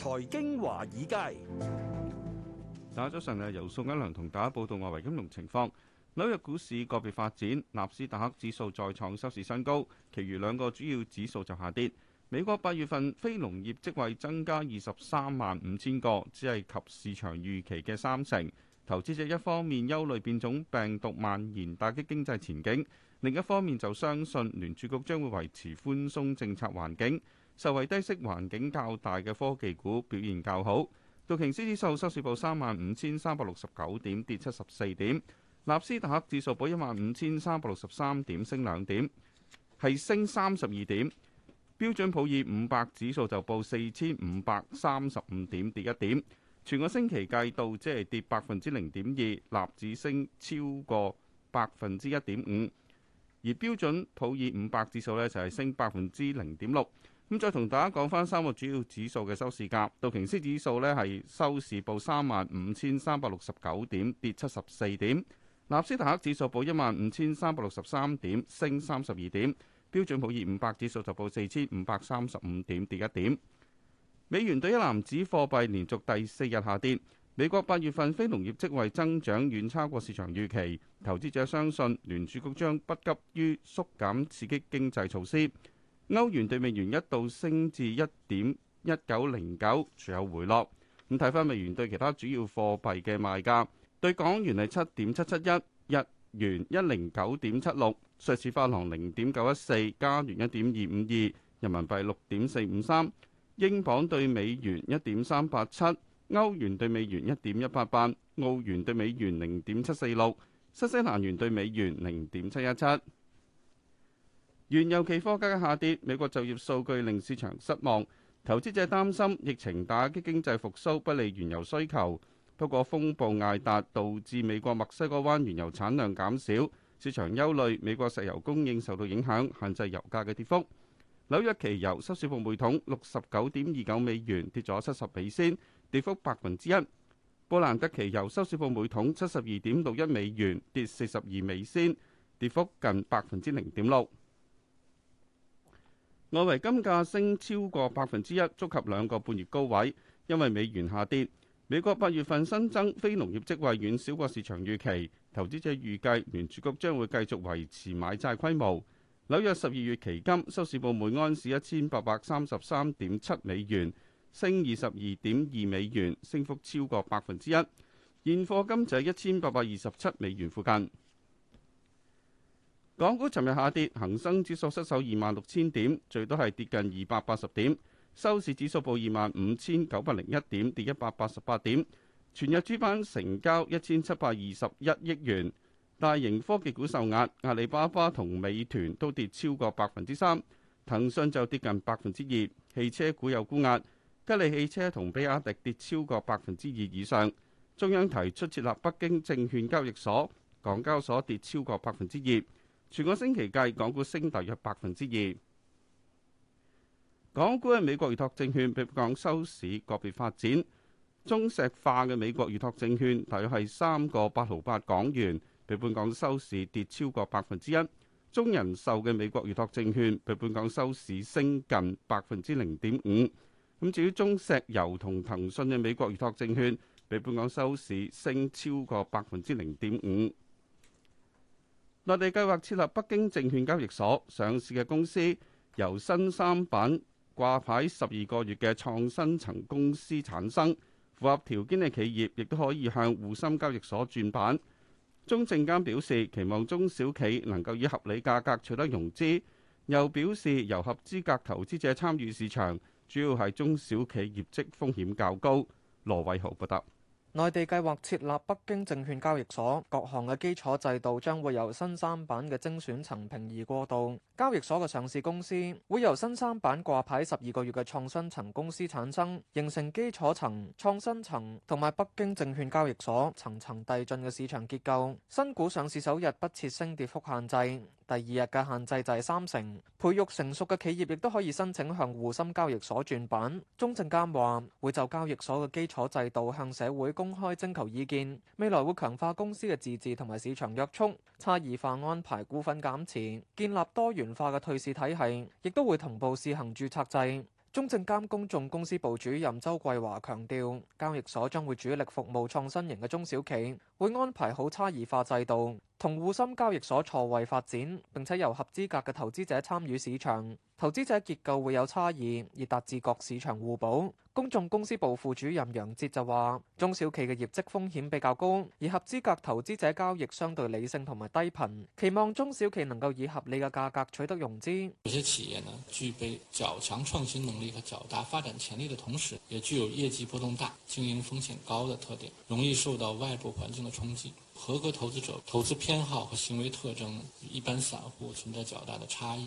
財經華爾街，大家早晨啊，由宋一良同大家報道外圍金融情況。紐約股市個別發展，納斯達克指數再創收市新高，其餘兩個主要指數就下跌。美國八月份非農業職位增加二十三萬五千個，只係及市場預期嘅三成。投資者一方面憂慮變種病毒蔓延，打擊經濟前景，另一方面就相信聯儲局將會維持寬鬆政策環境。受惠低息環境較大嘅科技股表現較好，道瓊斯指數收市報三萬五千三百六十九點，跌七十四點；納斯達克指數報一萬五千三百六十三點，升兩點，係升三十二點；標準普爾五百指數就報四千五百三十五點，跌一點。全個星期計到，即係跌百分之零點二，納指升超過百分之一點五。而標準普爾五百指數呢，就係升百分之零點六，咁再同大家講翻三個主要指數嘅收市價。道瓊斯指數呢，係收市報三萬五千三百六十九點，跌七十四點。納斯達克指數報一萬五千三百六十三點，升三十二點。標準普爾五百指數就報四千五百三十五點，跌一點。美元對一籃子貨幣連續第四日下跌。美國八月份非農業職位增長遠超過市場預期，投資者相信聯儲局將不急於縮減刺激經濟措施。歐元對美元一度升至一點一九零九，隨後回落。咁睇返美元對其他主要貨幣嘅賣價，對港元係七點七七一，日元一零九點七六，瑞士法郎零點九一四，加元一點二五二，人民幣六點四五三，英鎊對美元一點三八七。歐元對美元一點一八八，澳元對美元零點七四六，新西蘭元對美元零點七一七。原油期貨價格下跌，美國就業數據令市場失望，投資者擔心疫情打擊經濟復甦不利原油需求。不過風暴艾達導致美國墨西哥灣原油產量減少，市場憂慮美國石油供應受到影響，限制油價嘅跌幅。紐約期油收市報每桶六十九點二九美元，跌咗七十美仙，跌幅百分之一。布蘭德期油收市報每桶七十二點六一美元，跌四十二美仙，跌幅近百分之零點六。外圍金價升超過百分之一，觸及兩個半月高位，因為美元下跌。美國八月份新增非農業職位遠少過市場預期，投資者預計聯儲局將會繼續維持買債規模。紐約十二月期金收市報每安士一千八百三十三點七美元，升二十二點二美元，升幅超過百分之一。現貨金就係一千八百二十七美元附近。港股尋日下跌，恒生指數失守二萬六千點，最多係跌近二百八十點，收市指數報二萬五千九百零一點，跌一百八十八點。全日主板成交一千七百二十一億元。大型科技股受壓，阿里巴巴同美團都跌超過百分之三，騰訊就跌近百分之二。汽車股有沽壓，吉利汽車同比亞迪跌超過百分之二以上。中央提出設立北京證券交易所，港交所跌超過百分之二。全個星期計，港股升大約百分之二。港股嘅美國預託證券，比港收市個別發展，中石化嘅美國預託證券大約係三個八毫八港元。比本港收市跌超過百分之一，中人壽嘅美國預託證券比本港收市升近百分之零點五。咁至於中石油同騰訊嘅美國預託證券比本港收市升超過百分之零點五。內地計劃設立北京證券交易所上市嘅公司，由新三板掛牌十二個月嘅創新層公司產生，符合條件嘅企業亦都可以向滬深交易所轉板。中證監表示期望中小企能夠以合理價格取得融資，又表示由合資格投資者參與市場，主要係中小企業績風險較高。羅偉豪報道。內地計劃設立北京證券交易所，各項嘅基礎制度將會由新三板嘅精選層平移過渡。交易所嘅上市公司會由新三板掛牌十二個月嘅創新層公司產生，形成基礎層、創新層同埋北京證券交易所層層遞進嘅市場結構。新股上市首日不設升跌幅限制。第二日嘅限制就係三成，培育成熟嘅企業亦都可以申請向滬深交易所轉板。中證監話會就交易所嘅基礎制度向社會公開徵求意見，未來會強化公司嘅自治同埋市場約束，差異化安排股份減持，建立多元化嘅退市體系，亦都會同步試行註冊制。中證監公眾公司部主任周桂華強調，交易所將會主力服務創新型嘅中小企，會安排好差異化制度，同滬深交易所錯位發展，並且由合資格嘅投資者參與市場，投資者結構會有差異，而達至各市場互補。公眾公司部副主任楊哲就話，中小企嘅業績風險比較高，而合資格投資者交易相對理性同埋低頻，期望中小企能夠以合理嘅價格取得融資。有些企業呢，具備較強創新能力和較大發展潛力的同時，也具有業績波動大、經營風險高的特點，容易受到外部環境的衝擊。合格投資者投資偏好和行為特徵與一般散戶存在較大的差異。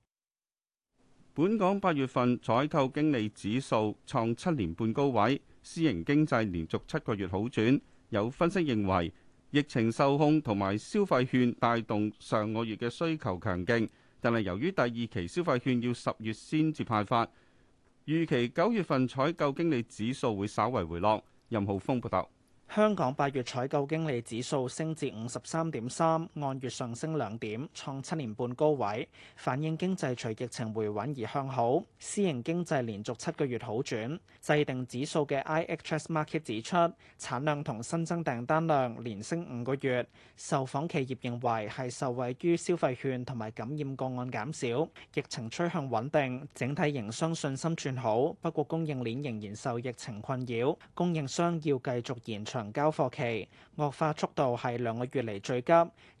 本港八月份採購經理指數創七年半高位，私營經濟連續七個月好轉。有分析認為疫情受控同埋消費券帶動上個月嘅需求強勁，但係由於第二期消費券要十月先至派發，預期九月份採購經理指數會稍為回落。任浩峰報道。香港八月採購經理指數升至五十三點三，按月上升兩點，創七年半高位，反映經濟隨疫情回穩而向好。私營經濟連續七個月好轉。制定指數嘅 IHS Markit 指出，產量同新增訂單量連升五個月。受訪企業認為係受惠於消費券同埋感染個案減少，疫情趨向穩定，整體營商信心轉好。不過供應鏈仍然受疫情困擾，供應商要繼續延長。能交貨期惡化速度係兩個月嚟最急，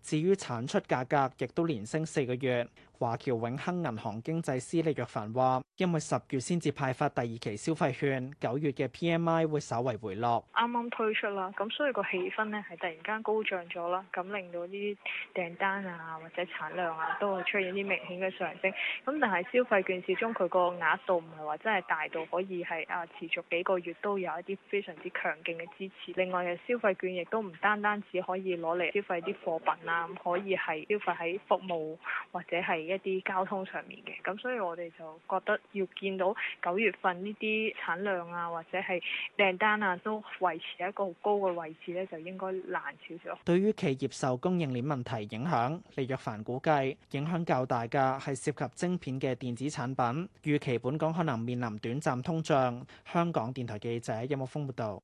至於產出價格亦都連升四個月。華僑永亨銀行經濟師李若凡話，因為十月先至派發第二期消費券，九月嘅 PMI 會稍為回落。啱啱推出啦，咁所以個氣氛呢係突然間高漲咗啦，咁令到呢啲訂單啊或者產量啊都出現啲明顯嘅上升。咁但係消費券始終佢個額度唔係話真係大到可以係啊持續幾個月都有一啲非常之強勁嘅支持。另外嘅消費券亦都唔單單只可以攞嚟消費啲貨品啊，咁可以係消費喺服務或者係。一啲交通上面嘅，咁所以我哋就覺得要見到九月份呢啲產量啊，或者係訂單啊，都維持一個好高嘅位置咧，就應該難少少。對於企業受供應鏈問題影響，李若凡估計影響較大嘅係涉及晶片嘅電子產品，預期本港可能面臨短暫通脹。香港電台記者音樂峯報道。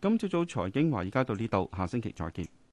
今朝早財經華爾街到呢度，下星期再見。